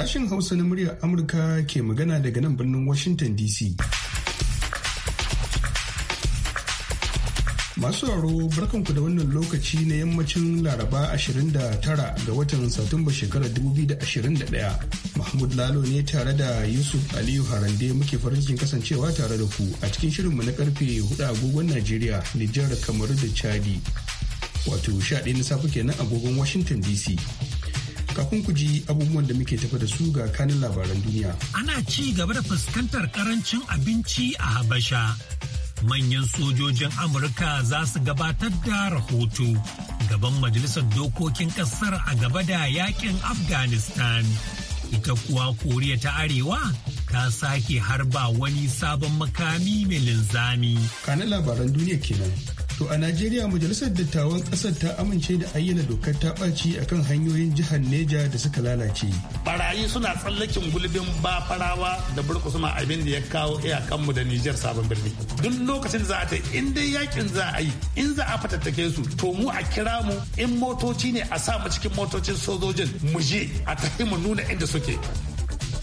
Sashen Hausa na muryar Amurka ke magana daga nan birnin Washington DC. Masu raro barkanku da wannan lokaci na yammacin Laraba 29 ga watan Satumba shekarar 2021. Mahmud Lalo ne tare da Yusuf Aliyu Harande muke farin cikin kasancewa tare da ku a cikin shirinmu na karfe 4 agogon Najeriya, Nijar, Kamaru da Chadi. Wato 11 na safe kenan agogon Washington DC. Kafin ku ji abubuwan da muke tafa da su ga kanin labaran duniya. Ana ci gaba da fuskantar karancin abinci a Habasha. Manyan sojojin Amurka za su gabatar da rahoto gaban Majalisar Dokokin Ƙasar a gaba da yakin Afghanistan. Ita kuwa Koriya ta Arewa ta sake harba wani sabon makami mai linzami. Kanin labaran duniya kenan. To a Najeriya majalisar dattawan ƙasar ta amince da ayyana dokar ta ɓaci kan hanyoyin jihar Neja da suka lalace. Barayi suna tsallakin gulbin ba farawa da ma abin da ya kawo iyakanmu da Nijar sabon birni. Duk lokacin za a ta in dai yakin za a yi in za a fatattake su to mu a kira mu in motoci ne a sa mu cikin motocin sojojin mu je a tafi mu nuna inda suke.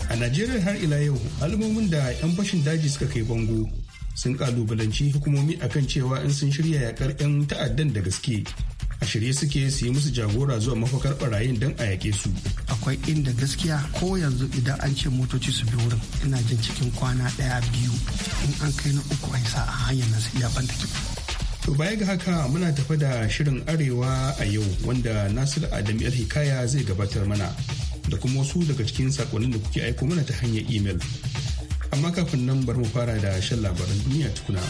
A Najeriya har ila yau al'ummomin da 'yan fashin daji suka kai bango sun kalubalanci hukumomi akan cewa in sun shirya yakar 'yan ta'addan da gaske a shirye suke su yi musu jagora zuwa mafakar barayin don a yake su. Akwai inda gaskiya ko yanzu idan an ce motoci su bi wurin ina jin cikin kwana ɗaya biyu in an kai na uku a sa a hanyar nasu iya banta To baya ga haka muna tafa da shirin arewa a yau wanda Nasir Adam 'yar Hikaya zai gabatar mana da kuma wasu daga cikin sakonnin da kuke aiko mana ta hanyar imel. amma kafin nan bar mu fara da shan labaran duniya tukuna.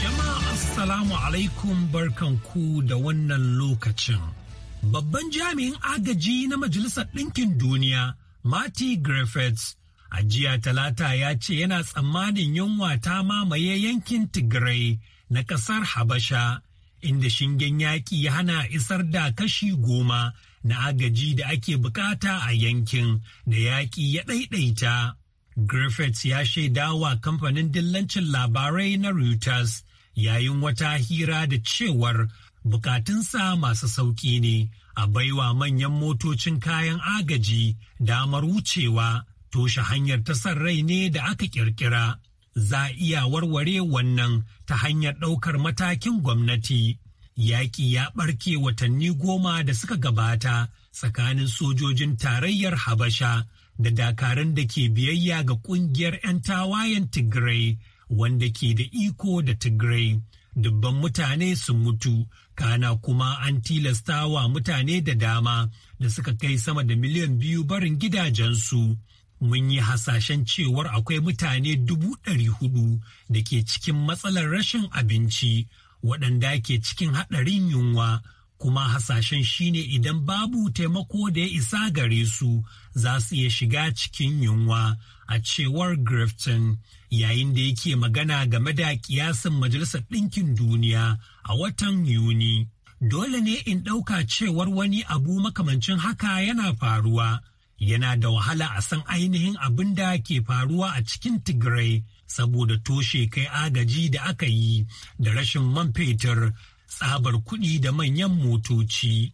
Jama'a Assalamu alaikum barkanku da wannan lokacin. Babban jami'in agaji na Majalisar Ɗinkin Duniya, Marty Griffiths, a jiya talata ya ce yana tsammanin yunwa ta mamaye yankin Tigray na ƙasar Habasha, inda shingen yaƙi hana isar da kashi goma na agaji da ake bukata a yankin da yaƙi ya ɗaiɗaita. Griffiths ya shaidawa kamfanin dillancin labarai na Reuters yayin wata hira da cewar bukatunsa masu sauƙi ne a baiwa manyan motocin kayan agaji damar wucewa toshe hanyar tasar rai ne da aka ƙirƙira. Za iya warware wannan ta hanyar ɗaukar matakin gwamnati yaƙi ya ɓarke watanni goma da suka gabata tsakanin sojojin tarayyar Habasha da dakarun da ke biyayya ga ƙungiyar 'yan tawayen Tigray wanda ke da iko da Tigray. Dubban mutane sun mutu, kana kuma an tilastawa mutane da dama da suka kai sama da miliyan biyu barin gidajensu. mun yi hasashen cewar akwai mutane dubu ɗari hudu da ke cikin matsalar rashin abinci waɗanda ke cikin haɗarin yunwa kuma hasashen shine idan babu taimako da ya isa gare su za su iya shiga cikin yunwa a cewar Grifton yayin da yake magana game da kiyasin Majalisar Ɗinkin Duniya a watan Yuni. Dole ne in ɗauka cewar wani abu makamancin haka yana faruwa. Yana da wahala a san ainihin abin da ke faruwa a cikin Tigray saboda toshe kai agaji da aka yi da rashin man fetur tsabar kuɗi da manyan motoci.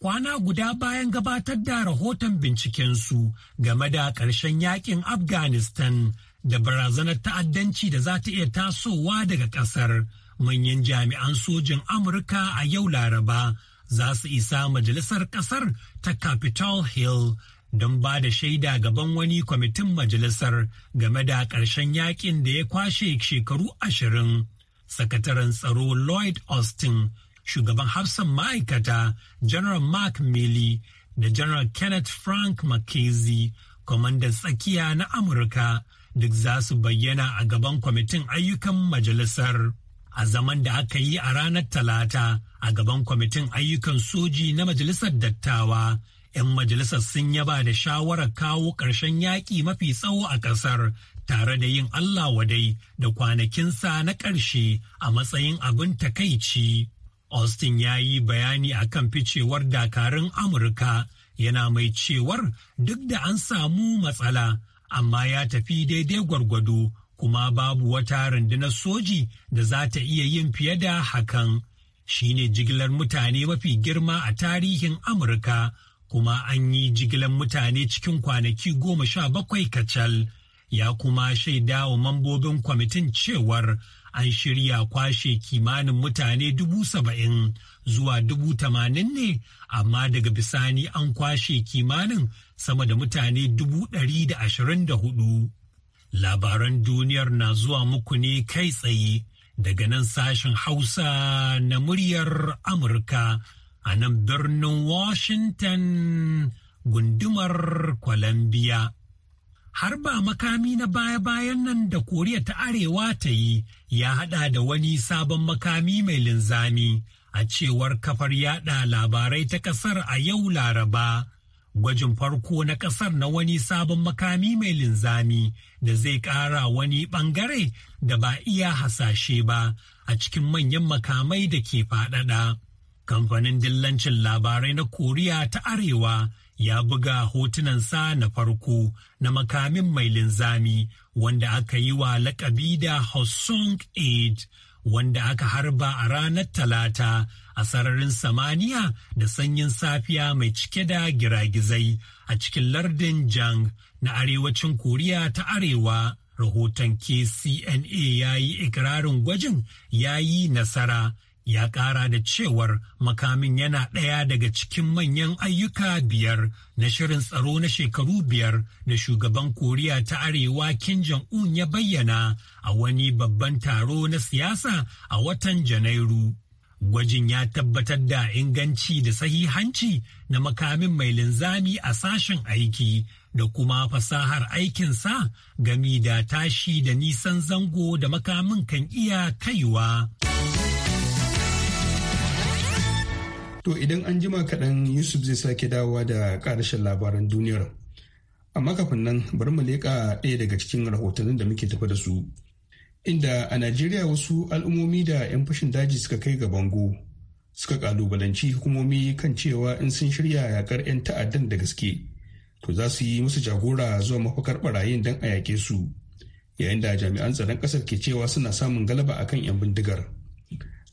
Kwana guda bayan gabatar da rahoton bincikensu game da ƙarshen yakin Afghanistan da barazanar ta'addanci da za ta iya tasowa daga ƙasar, manyan jami'an sojin Amurka a yau Laraba za su isa majalisar ƙasar ta Capitol Hill don ba da shaida gaban wani kwamitin majalisar game da ƙarshen yakin da ya kwashe shekaru ashirin. Sakataren tsaro Lloyd Austin, shugaban hafsan ma'aikata General Mark Milley da General Kenneth Frank makezi kwamandan tsakiya na Amurka, duk za su bayyana a gaban kwamitin ayyukan majalisar. A zaman da aka yi a ranar Talata a gaban kwamitin ayyukan soji na majalisar dattawa. 'yan majalisar sun yaba da shawarar kawo ƙarshen yaƙi mafi tsawo a ƙasar tare da yin Allah wadai da kwanakinsa na ƙarshe a matsayin abin takaici. Austin ya yi bayani a kan ficewar dakarun Amurka yana mai cewar duk da an samu matsala amma ya tafi daidai gwargwado kuma babu wata rundunar soji da za ta iya yin fiye da hakan. Shi ne jigilar mutane mafi girma a tarihin Amurka kuma an yi jigilan mutane cikin kwanaki goma sha bakwai kacal ya kuma shaida wa mambobin kwamitin cewar an shirya kwashe kimanin mutane dubu saba'in zuwa dubu tamanin ne amma daga bisani an kwashe kimanin sama da mutane dubu ɗari da ashirin da hudu labaran duniyar na zuwa muku ne kai tsaye daga nan sashen hausa na muryar amurka a nan birnin Washington gundumar Columbia. Har ba makami na baya-bayan nan da Koriya ta Arewa ta yi ya haɗa da wani sabon makami mai linzami a cewar kafar yaɗa labarai ta ƙasar a yau Laraba. Gwajin farko na ƙasar na wani sabon makami mai linzami da zai ƙara wani ɓangare da ba iya hasashe ba a cikin manyan makamai da ke faɗaɗa. kamfanin dillancin labarai na koriya ta arewa ya buga hotunansa na farko na makamin mai linzami wanda aka yi wa lakabi da Hosung 8 wanda aka harba a ranar talata a sararin samaniya da sanyin safiya mai cike da giragizai a cikin lardin jang na arewacin koriya ta arewa rahoton kcna ya yi ikirarin gwajin ya yi nasara ya ƙara da cewar makamin yana ɗaya daga cikin manyan ayyuka biyar na shirin tsaro na shekaru biyar da shugaban koriya ta arewa Kin jong-un ya bayyana a wani babban taro na siyasa a watan janairu gwajin ya tabbatar da inganci da sahihanci na makamin mai linzami a sashen aiki da kuma fasahar aikinsa gami da tashi da nisan zango da makamin kan iya kaiwa. To idan an jima kaɗan Yusuf zai sake dawowa da ƙarashin labaran duniyar. Amma kafin nan bari mu leƙa ɗaya daga cikin rahotannin da muke tafa da su. Inda a Najeriya wasu al'ummomi da 'yan fashin daji suka kai ga bango suka kalubalanci hukumomi kan cewa in sun shirya yakar 'yan ta'addan da gaske to za su yi musu jagora zuwa mafakar barayin don a yaƙe su yayin da jami'an tsaron ƙasar ke cewa suna samun galaba akan 'yan bindigar.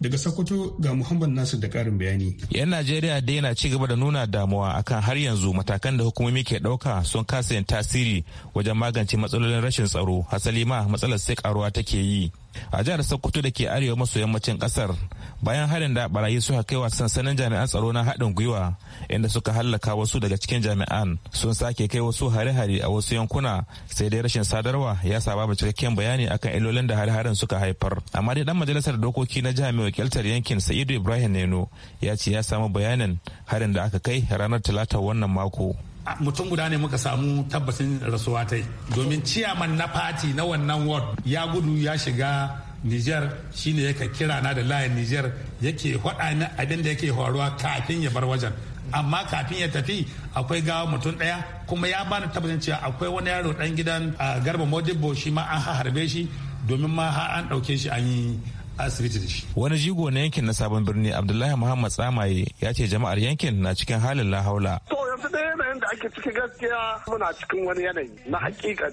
Daga Sokoto ga Muhammad Nasir da karin bayani. 'Yan Najeriya dai yana ci gaba da nuna damuwa akan har yanzu matakan da hukumomi ke ɗauka sun kasa yin tasiri wajen magance matsalolin rashin tsaro, hasali ma matsalar sai ƙaruwa take yi. a jihar sokoto da ke arewa maso yammacin kasar bayan harin da barayi suka kai wa sansanin jami'an tsaro na haɗin gwiwa inda suka hallaka wasu daga cikin jami'an sun sake kai wasu hare-hare a wasu yankuna sai dai rashin sadarwa ya saba ba cikakken bayani akan illolin da hare-haren suka haifar amma dai dan majalisar dokoki na jami'a wakiltar yankin sa'idu ibrahim neno ya ce ya samu bayanin harin da aka kai ranar talata wannan mako mutum guda ne muka samu tabbacin rasuwa ta domin ciyaman na fati na wannan ward ya gudu ya shiga Nijar shine yake kira na da layin Niger yake faɗa ni abin da yake faruwa kafin ya bar wajen amma kafin ya tafi akwai gawa mutum ɗaya kuma ya bani tabbacin cewa akwai wani yaro dan gidan a garba modibo shi ma an harbe shi domin ma an ɗauke shi an yi asibiti da shi. Wani jigo na yankin na sabon birni Abdullahi Muhammad Tsamaye ya ce jama'ar yankin na cikin halin lahaula. halin da ake ciki gaskiya muna cikin wani yanayi na hakika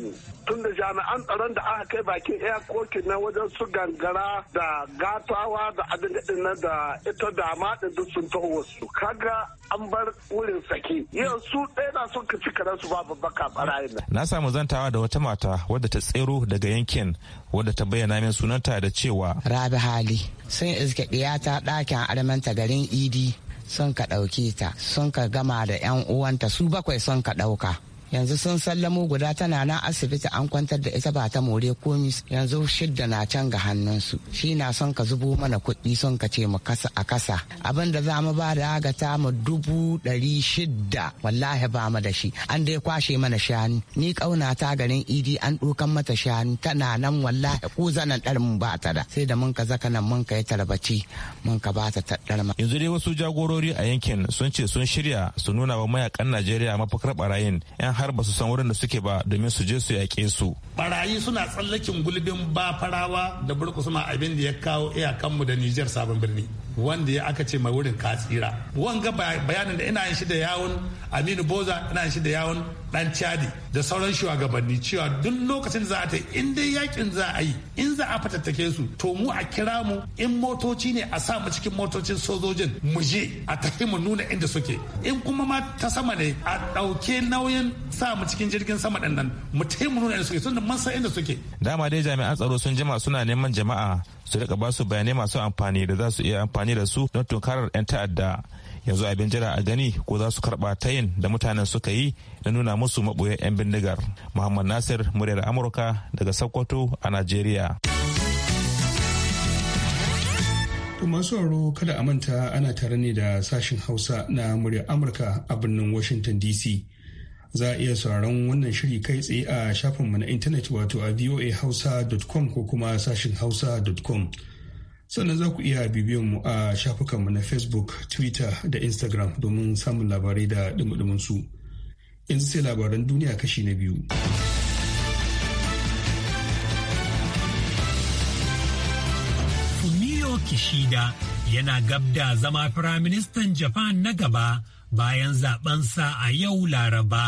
tun da jami'an tsaron da aka kai bakin iyakokin na wajen su gangara da gatawa da abin na da ita da maɗin duk sun taho wasu kaga an bar wurin sake yau su ɗaya na son ci karen su babu baka barayin na samu zantawa da wata mata wadda ta tsero daga yankin wadda ta bayyana min sunanta da cewa rabi hali sun iske ta ɗakin armanta garin idi sun ka ɗauke ta sun ka gama da 'yan uwanta su bakwai sun ka ɗauka yanzu sun sallamo guda tana na asibiti an kwantar da ita ba ta more komi yanzu shidda na can ga hannunsu shi na son ka zubo mana kuɗi son ka ce mu kasa a kasa abin da za mu ba da aga ta mu dubu ɗari shidda wallahi ba mu da shi an dai kwashe mana shanu ni kauna ta garin idi an ɗokan mata shanu tana nan wallahi ko zanen ɗar mu ba ta da sai da mun ka zaka nan mun ka yi tarbaci mun ka ba ta taɗar ma. yanzu dai wasu jagorori a yankin sun ce sun shirya su nuna wa mayakan najeriya mafakar barayin yan har ba su san wurin da suke ba domin su je su yaƙe su barayi suna tsallakin gulbin ba farawa da burkusuma abin da ya kawo iyakanmu da Nijar sabon birni wanda ya aka ce mai wurin katsira wanga bayanin da ina yin shi da yawon Aminu Boza ina yin shi da yawon dan Chadi da sauran shugabanni cewa duk lokacin za a ta in dai yakin za a yi in za a fatattake su to mu a kira mu in motoci ne a sa mu cikin motocin sojojin mu je a tafi mu nuna inda suke in kuma ma ta sama ne a ɗauke nauyin sa mu cikin jirgin sama ɗin nan mu tafi mu nuna inda suke tunda mun san inda suke. Dama dai jami'an tsaro sun jima suna neman jama'a su rika ba su bayanai masu amfani da za su iya amfani da su don tunkarar 'yan ta'adda. yanzu abin jira a gani ko za su karba tayin da mutanen suka yi da nuna musu maɓoyan 'yan bindigar muhammad nasir muryar amurka daga sokoto a najeriya masu sauraro kada a manta ana tare ne da sashin hausa na muryar amurka a birnin washington dc za a iya sauraron wannan shiri kai tsaye a shafinmu na intanet wato a voahausa.com ko kuma sashen hausa.com sannan za ku iya bibiyan mu a shafukanmu na facebook twitter da instagram domin samun labarai da dumudumin su yanzu sai labaran duniya kashi na biyu Fumio Kishida yana gabda zama firaministan Japan na gaba bayan zabensa a yau Laraba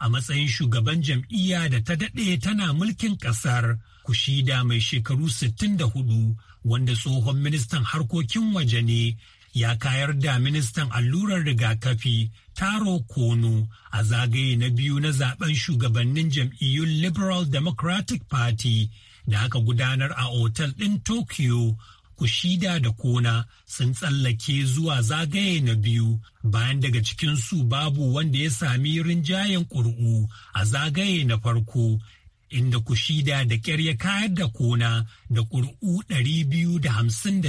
a matsayin shugaban jam'iyya da ta daɗe tana mulkin ƙasar Kushida mai shekaru 64 wanda tsohon ministan harkokin waje ne ya kayar da ministan allurar rigakafi taro kono a zagaye na biyu na zaben shugabannin jam'iyyun liberal democratic party da aka gudanar a otal ɗin tokyo ku shida da kona sun tsallake zuwa zagaye na biyu bayan daga cikinsu babu wanda ya sami rinjayen ƙuri'u a zagaye na farko inda kushida da ƙyar ya kayar da kona da ƙuri'u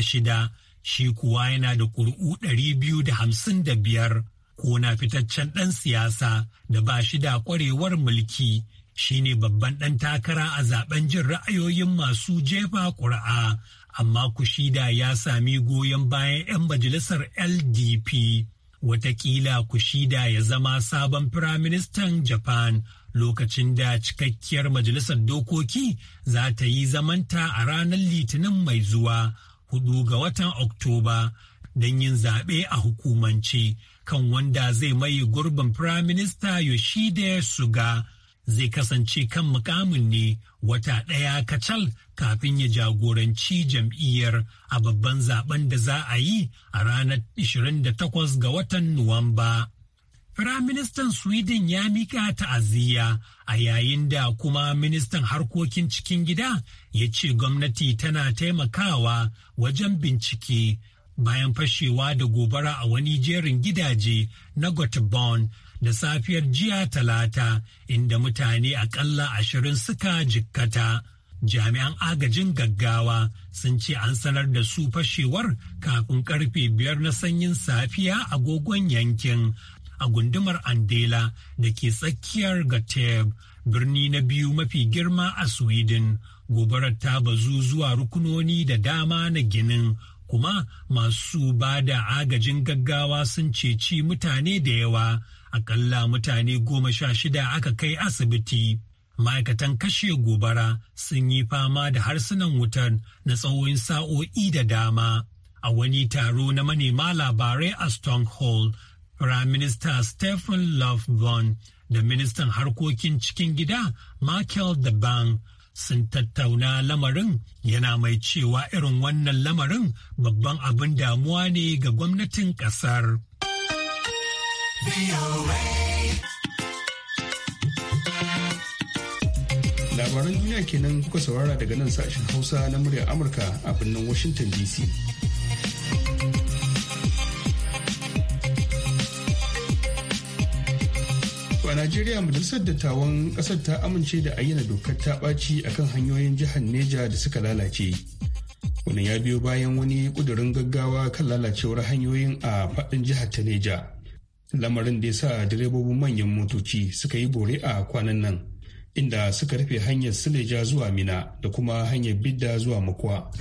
shida shi kuwa yana da ƙuri'u biyar. kona fitaccen ɗan siyasa da ba shi da ƙwarewar mulki shi ne babban ɗan takara a zaben jin ra'ayoyin masu jefa ƙuri'a amma kushida ya sami goyon bayan 'yan majalisar ldp watakila kushida ya zama sabon firaministan japan lokacin da cikakkiyar majalisar dokoki za ta yi zamanta a ranar litinin mai zuwa hudu ga watan oktoba don yin zaɓe a hukumance kan wanda zai mai gurbin firaminista yoshide suga zai kasance kan mukamin ne wata ɗaya kacal kafin ya jagoranci jam'iyyar a babban zaben da za a yi a ranar 28 ga watan nuwamba. Firaministan Sweden ya mika ta'aziyya a yayin da kuma ministan harkokin cikin gida ya ce gwamnati tana taimakawa wajen bincike bayan fashewa da gobara a wani jerin gidaje na Göteborg da safiyar jiya talata inda mutane akalla ashirin suka jikkata. Jami'an agajin gaggawa sun ce an sanar da su fashewar kafin karfe biyar na sanyin safiya agogon yankin a gundumar Andela da ke tsakiyar Gateb, birni na biyu mafi girma a Sweden. Gobarar ta bazu zuwa rukunoni da dama na ginin, kuma masu ba da agajin gaggawa sun ceci mutane da yawa. Akalla mutane goma sha shida aka kai asibiti. Ma'aikatan kashe gobara sun yi fama da harsunan wutar na tsawon sa'o'i da dama. a wani taro na manema labarai a Stonehall. Prime Minister Stephen Lofborn da Ministan Harkokin Cikin Gida Michael Daban sun tattauna lamarin yana mai cewa irin wannan lamarin babban abin damuwa ne ga gwamnatin ƙasar. Labaran duniya kenan kuka saurara daga nan sashen Hausa na muryar Amurka a birnin Washington DC. najeriya majalisar dattawan kasar ta amince da ayyana dokar ta ɓaci akan hanyoyin jihar neja da suka lalace wannan ya biyo bayan wani ƙudurin gaggawa kan lalacewar hanyoyin a faɗin jihar ta neja lamarin da ya sa direbobin manyan motoci suka yi bore a kwanan nan inda suka rufe hanyar sileja zuwa mina da kuma hanyar bidda zuwa makwa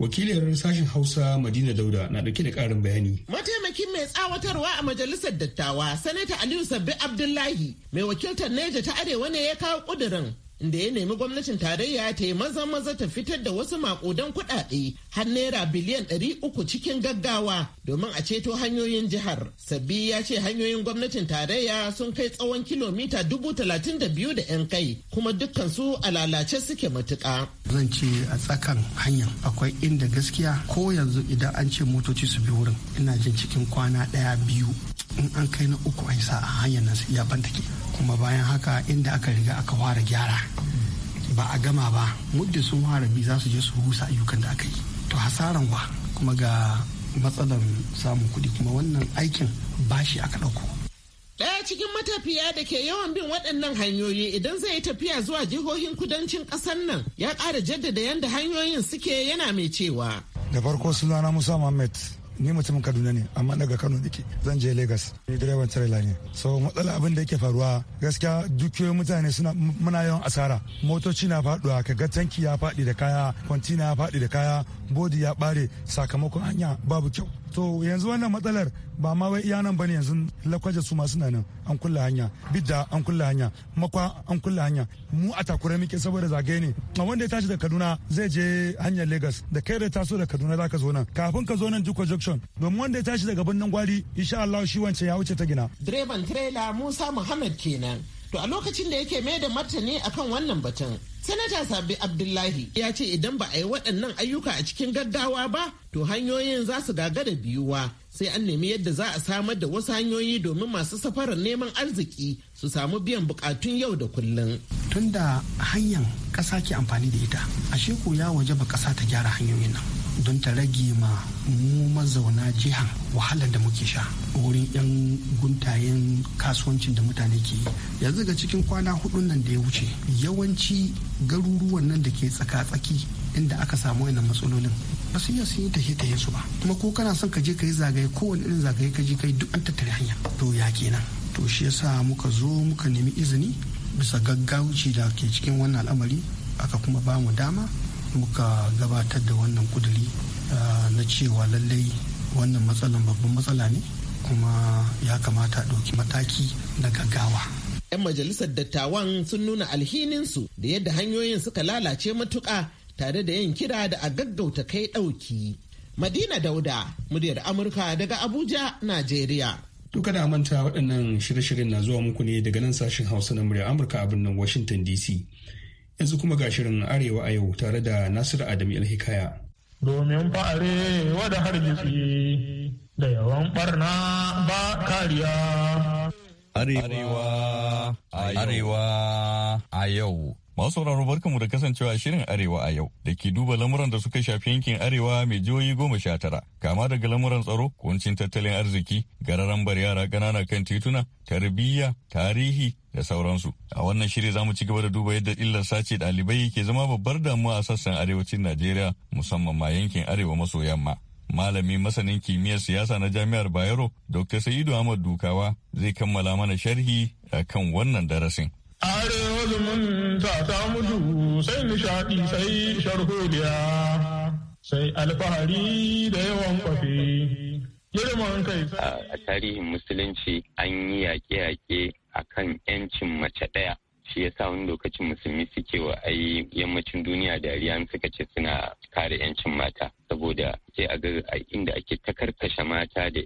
wakiliyar sashen hausa madina dauda na ɗauke da ƙarin bayani mataimakin mai tsawatarwa a majalisar dattawa sanata aliyu sabbi abdullahi mai wakiltar neja ta arewa ne ya kawo ƙudirin. inda ya nemi gwamnatin tarayya ta yi maza maza ta fitar da wasu makudan kuɗaɗe har naira biliyan ɗari uku cikin gaggawa domin a ceto hanyoyin jihar sabbi ya ce hanyoyin gwamnatin tarayya sun kai tsawon kilomita dubu talatin da biyu da yan kai kuma dukkan su a lalace suke matuƙa. zan ce a tsakan hanya akwai inda gaskiya ko yanzu idan an ce motoci su bi wurin ina jin cikin kwana ɗaya biyu in an kai na uku an sa a hanyar nan ya take. kuma bayan haka inda aka riga aka fara gyara ba a gama ba muddin sun fara bi za su je su rusa ayyukan da aka yi to hasaran wa kuma ga matsalar samun kuɗi kuma wannan aikin bashi aka ɗauko Daya cikin matafiya da ke yawan bin waɗannan hanyoyi idan zai yi tafiya zuwa jihohin kudancin ƙasar nan ya ƙara jaddada yadda hanyoyin suke yana mai cewa. Da farko sunana Musa Muhammad ni mutumin kaduna ne amma daga kano nake zan je lagos ni direban trailer ne so matsala abin da yake faruwa gaskiya dukiyoyin mutane suna muna yawan asara motoci na faduwa kaga tanki ya faɗi da kaya kwantina ya faɗi da kaya bodi ya bare sakamakon hanya babu kyau to yanzu wannan matsalar ba ma wai iya nan bane yanzu lakwaje su masu nan an kulle hanya bidda an kulla hanya makwa an kulle hanya mu a takura muke saboda zagaye ne a wanda ya tashi da kaduna zai je hanyar lagos da kai da taso da kaduna zaka zo nan kafin ka zo nan jiko junction domin wanda ya tashi daga birnin gwari insha allah shi wancan ya wuce ta gina direban trailer musa muhammad kenan To a lokacin da yake mai da martani akan wannan batun, Sanata Sabi Abdullahi ya ce idan ba a yi waɗannan ayyuka a cikin gaggawa ba, to hanyoyin za su gagara biyuwa sai an nemi yadda za a samar da wasu hanyoyi domin masu safarar neman arziki su samu biyan bukatun yau da kullum. Tunda hanyar ƙasa ke amfani da ita, ashe ko ya waje ba ƙasa ta gyara hanyoyin nan. don ta rage ma mu mazauna jiha wahalar da muke sha wurin 'yan guntayen kasuwancin da mutane ke yi yanzu ga cikin kwana hudun nan da ya wuce yawanci garuruwan nan da ke tsaka-tsaki inda aka samu wannan matsalolin ba su iya sun yi tafiye tafiye su ba kuma ko kana son ka je ka yi zagaye kowane irin zagaye ka je ka yi duk an tattare hanya to ya kenan to shi yasa muka zo muka nemi izini bisa gaggawuci da ke cikin wannan al'amari aka kuma bamu dama muka gabatar da wannan kuduri ah, na cewa lallai wannan matsalan babban matsala ne kuma ya kamata a ɗauki mataki na gaggawa 'yan majalisar dattawan sun nuna alhininsu da yadda hanyoyin suka lalace matuka tare da yin kira da a gaggauta kai ɗauki. Madina Dauda, muryar Amurka daga Abuja, Najeriya. To kada manta waɗannan shirye-shiryen na zuwa muku ne daga nan sashen Hausa na muryar Amurka a birnin Washington DC. yanzu kuma ga shirin arewa a yau tare da nasiru adam hikaya domin fa'are wada hargitsi da yawan barna ba kariya arewa arewa a yau Masu sauraro barkanmu da kasancewa shirin Arewa a yau da ke duba lamuran da suka shafi yankin Arewa mai jihohi goma sha tara kama daga lamuran tsaro, kuncin tattalin arziki, gararan bar yara ƙanana kan tituna, tarbiyya, tarihi da sauransu. A wannan shiri za mu ci gaba da duba yadda illar sace ɗalibai ke zama babbar damuwa a sassan arewacin Najeriya musamman ma yankin Arewa maso yamma. malami masanin kimiyyar siyasa na jami'ar bayero dr sa'idu ahmad dukawa zai kammala mana sharhi a kan wannan darasin are ta mutu sai nishaɗi sai sharhodiya sai alfahari da yawan kwafi. Girman kai. A tarihin Musulunci an yi yaƙe-yaƙe a kan 'yancin mace ɗaya. Shi ya sa wani lokacin musulmi suke wa ai yammacin duniya dariya suka ce suna kare 'yancin mata. Saboda sai a ga inda ake takarkashe mata da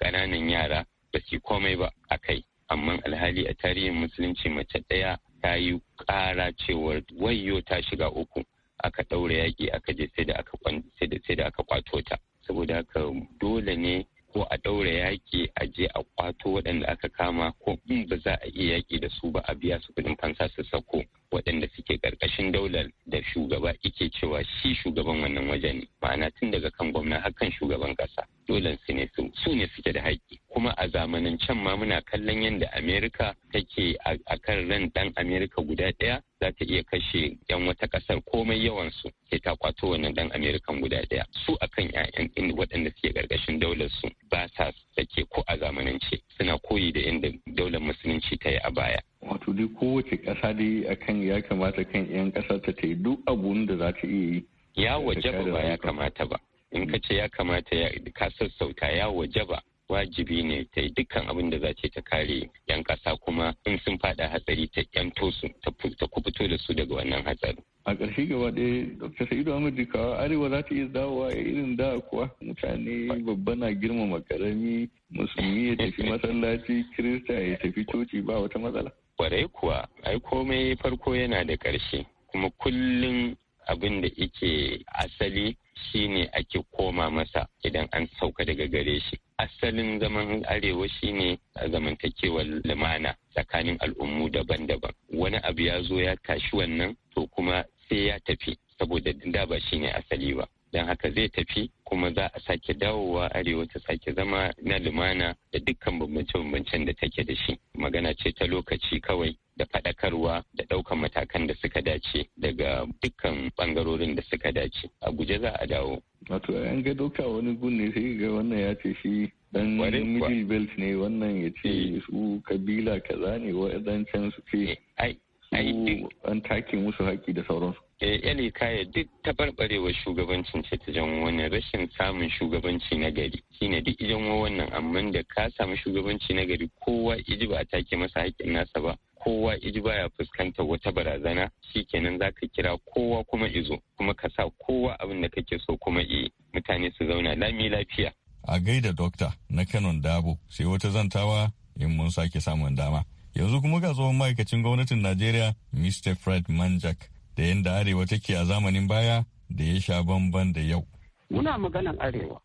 ƙananan yara da su komai ba a kai. amma alhali a tarihin musulunci mace ɗaya ta yi ƙara cewar wayyo ta shiga uku aka ɗaura yaƙi aka je sai da aka sai da aka kwato ta saboda haka dole ne ko a ɗaura yaƙi a je a kwato waɗanda aka kama ko in ba za a iya yaƙi da su ba a biya su kuɗin fansa su sako waɗanda suke ƙarƙashin daular da shugaba ike cewa shi shugaban wannan wajen ne ma'ana tun daga kan gwamna har kan shugaban ƙasa dole su ne su ne suke da haƙƙi kuma a zamanin can ma muna kallon yadda amerika take a kan ran dan amerika guda ɗaya za ta iya kashe yan wata ƙasar komai yawansu sai ta kwato wannan dan amerikan guda ɗaya su akan ƴaƴan waɗanda suke ƙarƙashin daular su ba sa sake ko a zamanin ce suna koyi da inda daular musulunci ta yi a baya wato dai kowace ƙasa dai akan ya kamata kan 'yan ƙasa ta ta yi duk abun da za ta iya yi ya waje ba ya kamata ba in ka ce ya kamata ka sassauta ya wajaba wajibi ne ta yi dukkan abin da za ce ta kare 'yan kasa kuma in sun fada hatsari ta yan tosu ta kubuto da su daga wannan hatsari. a ƙarshe gaba ɗaya dr sa'idu ahmad jikawa arewa za ta iya dawowa irin da kuwa mutane babba na girmama makarami musulmi ya tafi masallaci kirista ya tafi coci ba wata matsala. kwarai kuwa ai komai farko yana da ƙarshe kuma kullum abin da ike asali Shi ne ake koma masa idan an sauka daga gare shi asalin zaman arewa shine zamantakewar lumana tsakanin al'ummu daban-daban wani abu ya zo ya tashi wannan to kuma sai ya tafi saboda da ba ne asali ba don haka zai tafi kuma za a sake dawowa arewa ta sake zama na lumana da dukkan bambance-bambancen da take da shi magana ce ta lokaci kawai da faɗakarwa da ɗaukan matakan da suka dace daga dukkan ɓangarorin da suka dace a guje za a dawo wato yan ga doka wani gun ne sai ga wannan ya ce shi dan middle belt ne wannan ya ce eh. su kabila kaza ne wa'adancan su ce eh, ai an take musu haƙi da sauransu. Eh, Yali kaya duk taɓarɓarewa shugabancin ce ta jan wannan rashin samun shugabanci na gari shine duk ijanwo wannan amma da ka samu shugabanci na gari kowa iji ba a take masa haƙƙin nasa ba kowa iji ya fuskanta wata barazana shikenan za ka kira kowa kuma izo kuma ka sa kowa abin da kake so kuma e mutane su zauna lami lafiya. A gaida dokta na Kanon Dabo sai wata zantawa in mun sake samun dama. Yanzu kuma ga tsohon ma'aikacin gwamnatin Najeriya Mr. Fred Manjak da yadda Arewa take a zamanin baya da ya sha bamban da yau. Muna maganan Arewa.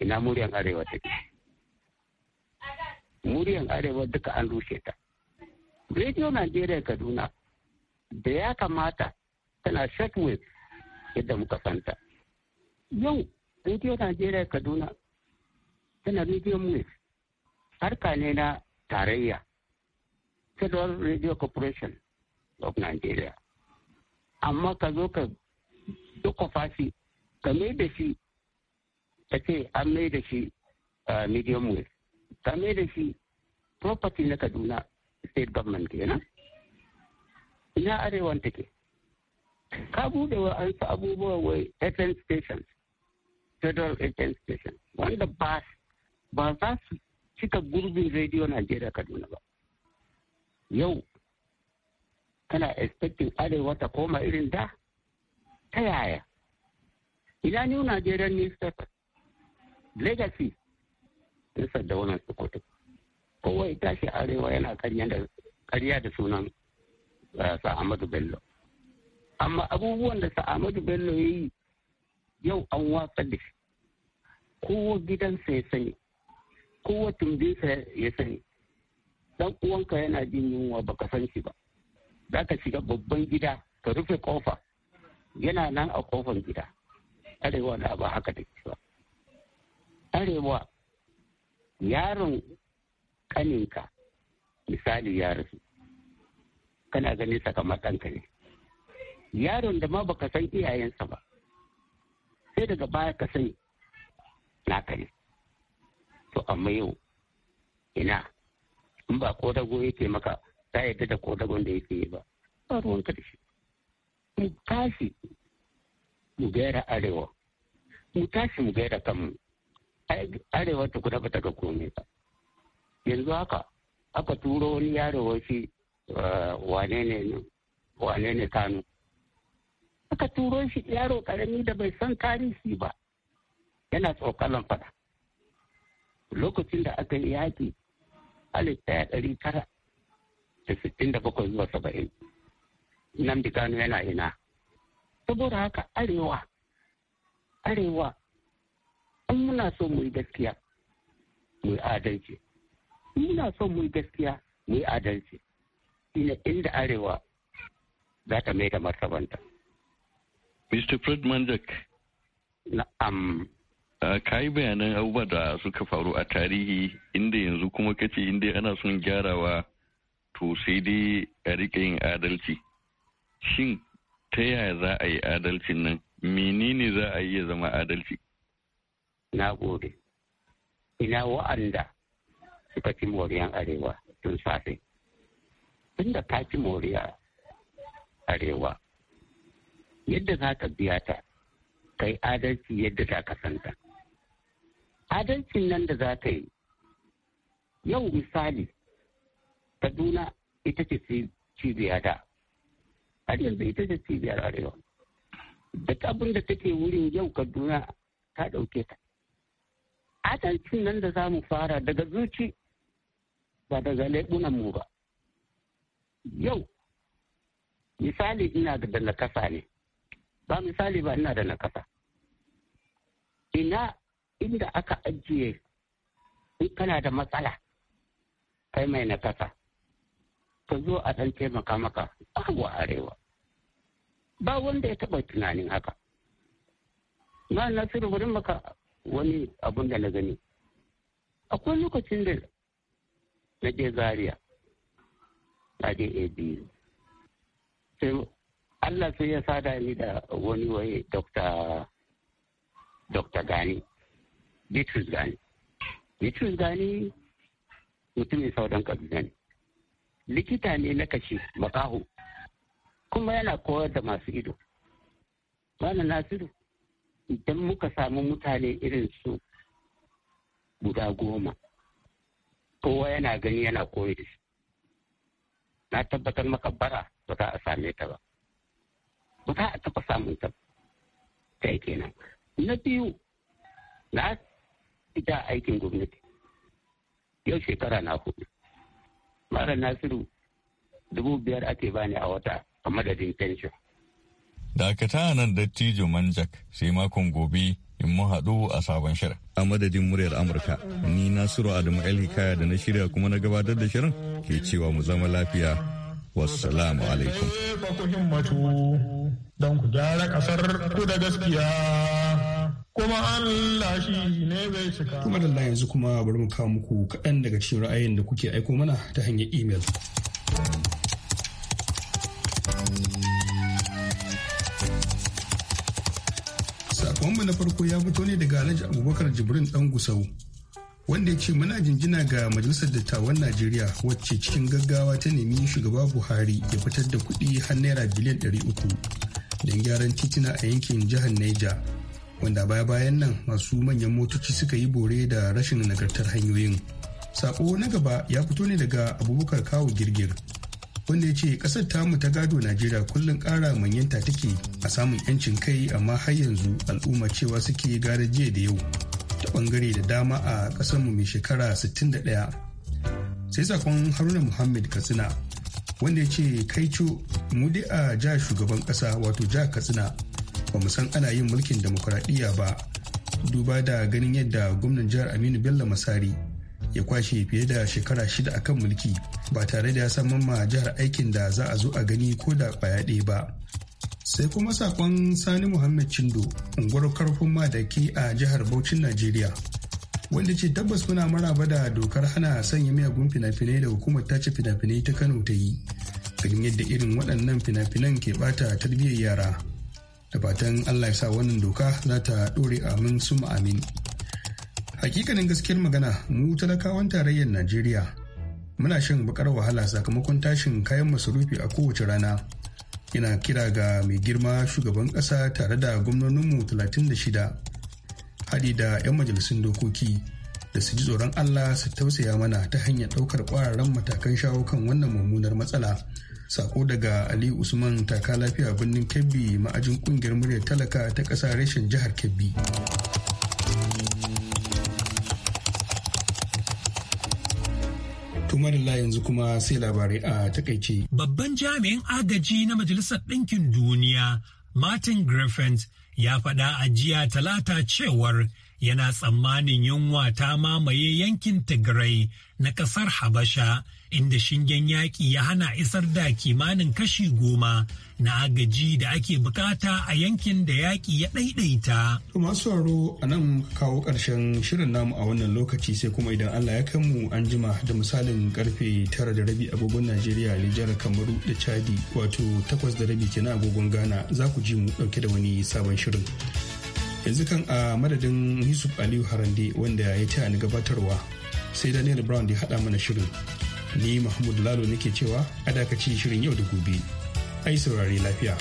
Ina muryan Arewa take. Muryan Arewa duka an rushe ta. Radio Najeriya Kaduna da ya kamata tana shortwave yadda muka fanta Yau Radio Najeriya Kaduna tana radio wave harka ne na tarayya Federal Radio Corporation of Nigeria. Amma ka zo ka duka fashi, ka mai da shi, ka ce an mai da shi medium wave, ka mai da shi property na Kaduna state government kenan. Ina arewan take. Ka bude wa an abubuwa wai FM stations, federal FM stations, wanda ba za su cika gurbin Radio Nigeria Kaduna ba. yau kana expecting arewa ta koma irin da ta yaya ina new nigerian newspaper legacy sun da wannan Kowa kowai tashi arewa yana karya da sunan eh, Amadu bello amma abubuwan da Amadu bello ya yi yau an watsa da shi kowa gidansa ya sani kowa tumbinsa ya sani dan uwanka yana jin yunwa baka san shi ba za ka shiga babban gida ka rufe kofa yana nan a kofan gida arewa na ba haka da ba arewa yaron kaninka misali ya rasu kana ganin sakamakonka ne yaron da ma baka san iyayensa ba sai daga baya ka sani naka ne to amma yau ina in ba kodago yake maka ta yadda da kodagon da yake yi ba ba ruwanka da shi mu tashi mu gaira arewa mu tashi mu gaira kanmu arewa ta kuda ba ta ga komai ba yanzu haka aka turo wani yaro shi eh, wane ne wane ne kano aka turo shi yaro karami da bai san tarihi ba yana tsokalan fada lokacin da aka yi yaƙi alif ɗaya ɗari tara da sittin da bakwai zuwa saba'in nnamdi kano yana ina saboda haka arewa arewa an muna so mu yi gaskiya mu yi adalci muna so mu yi gaskiya mu yi adalci shine inda arewa za ta mai da martabanta. Mr. Fred Manjak. Na'am. Um, ka yi bayanan abubuwa da suka faru a tarihi inda yanzu kuma kace inda ana son gyarawa to sai dai a rika yin adalci shin ta yaya za a yi adalcin nan menene za a yi ya zama adalci na gode ina wa'anda suka ci moriyan arewa tun safe tun da ka ci moriya arewa yadda za ka biya ta kai adalci yadda za ka santa adalcin nan da za ta yi yau misali kaduna ita ce cibiya da har yanzu ita ce cibiyar arewa duk abin da take wurin yau kaduna ta ɗauke ta adalcin nan da za mu fara daga zuci ba daga mu ba yau misali ina da nakasa ne ba misali ba ina da nakasa ina inda aka ajiye in kana da matsala kai mai na kasa. ka zo a ɗan taimaka maka babu arewa ba wanda ya taɓa tunanin haka na nasiru wurin maka wani abun da na gani akwai lokacin da na je zaria na je abu sai allah sai ya sada ni da wani waye dr gani Bitrus Gani. Bitrus Gani mutumin sauran kabila ne. Likita ne na kashe makaho, kuma yana koyar da masu ido. Bana Nasiru, idan muka samu mutane irin su guda goma, kowa yana gani yana koyi da shi. Na tabbatar maka bara ba za a same ta ba. Ba za a taɓa samun ta. Ta kenan. Na biyu, na ita aikin gwamnati yau shekara na hudu malam nasiru dubu biyar ake bani a wata a madadin pension dakata nan dattijo manjak sai makon gobe in mu haɗu a sabon shirin. A madadin muryar Amurka, ni Nasiru Adamu El Hikaya da na shirya kuma na gabatar da shirin ke cewa mu zama lafiya. Wassalamu alaikum. ku himmatu don ku gyara ƙasar ku da gaskiya. kuma Allah shi ne bai cika. Kuma da yanzu kuma bari mu kawo muku kaɗan daga cikin ra'ayin da kuke aiko mana ta hanyar imel. Sakonmu na farko ya fito ne daga Alhaji Abubakar Jibrin ɗan Gusau. Wanda ya ce muna jinjina ga Majalisar Dattawan Najeriya wacce cikin gaggawa ta nemi shugaba Buhari ya fitar da kuɗi har naira biliyan 300 don gyaran titina a yankin jihar Niger. wanda baya bayan nan masu manyan motoci suka yi bore da rashin nagartar hanyoyin sako na gaba ya fito ne daga abubakar kawo girgir wanda ya ce kasar tamu ta gado najeriya kullum kara manyanta take a samun yancin kai amma har yanzu al'umma cewa suke gara jiya da yau ta bangare da dama a mu mai shekara 61 sai sakon haruna muhammad katsina wanda ya ce kaico mu dai a ja shugaban kasa wato ja katsina ba mu san ana yin mulkin demokuraɗiyya ba duba da ganin yadda gwamnan jihar aminu bello masari ya kwashe fiye da shekara shida akan mulki ba tare da ya san ma jihar aikin da za a zo a gani ko da baya ɗaya ba sai kuma sakon sani muhammad chindo unguwar karfin madaki a jihar Bauchin najeriya wanda ce tabbas muna maraba da dokar hana sanya miyagun fina-finai da hukumar tace fina-finai ta kano ta yi ganin yadda irin waɗannan fina-finan ke ɓata tarbiyyar yara da fatan allah ya sa wannan doka za ta ɗore amin suma amin hakikanin gaskiyar magana mu talakawan tarayyar najeriya muna shan bakar wahala sakamakon tashin kayan masarufi a kowace rana yana kira ga mai girma shugaban ƙasa tare da gwamnoninmu 36 Hadi da 'yan majalisun dokoki da su ji tsoron Allah su tausaya mana ta hanyar ɗaukar ƙwararren matakan shawo kan wannan mummunar matsala. Sako daga Ali Usman taka lafiya birnin Kebbi ma'ajin kungiyar muryar talaka ta ƙasa reshen jihar Kebbi. Tumarilla yanzu kuma sai labarai a takaice. Babban jami'in agaji na Majalisar Ɗinkin Duniya Martin Griffin ya faɗa a jiya talata cewar yana tsammanin yunwa ta mamaye yankin Tigray na ƙasar Habasha inda shingen yaƙi ya hana isar da kimanin kashi goma na agaji da ake bukata a yankin da yaƙi ya ɗaiɗaita. Masu haro a nan kawo ƙarshen shirin namu a wannan lokaci sai kuma idan Allah ya kai mu an jima da misalin karfe tara da rabi agogon Najeriya, Nijar, Kamaru da Chadi wato takwas da rabi kenan agogon Ghana za ku ji mu ɗauke da wani sabon shirin. yanzu kan a madadin yusuf aliyu harande wanda ya ta ni gabatarwa sai daniel brown da hada mana shirin ni mahmud lalo nake cewa a dakaci shirin yau da gobe ai saurari lafiya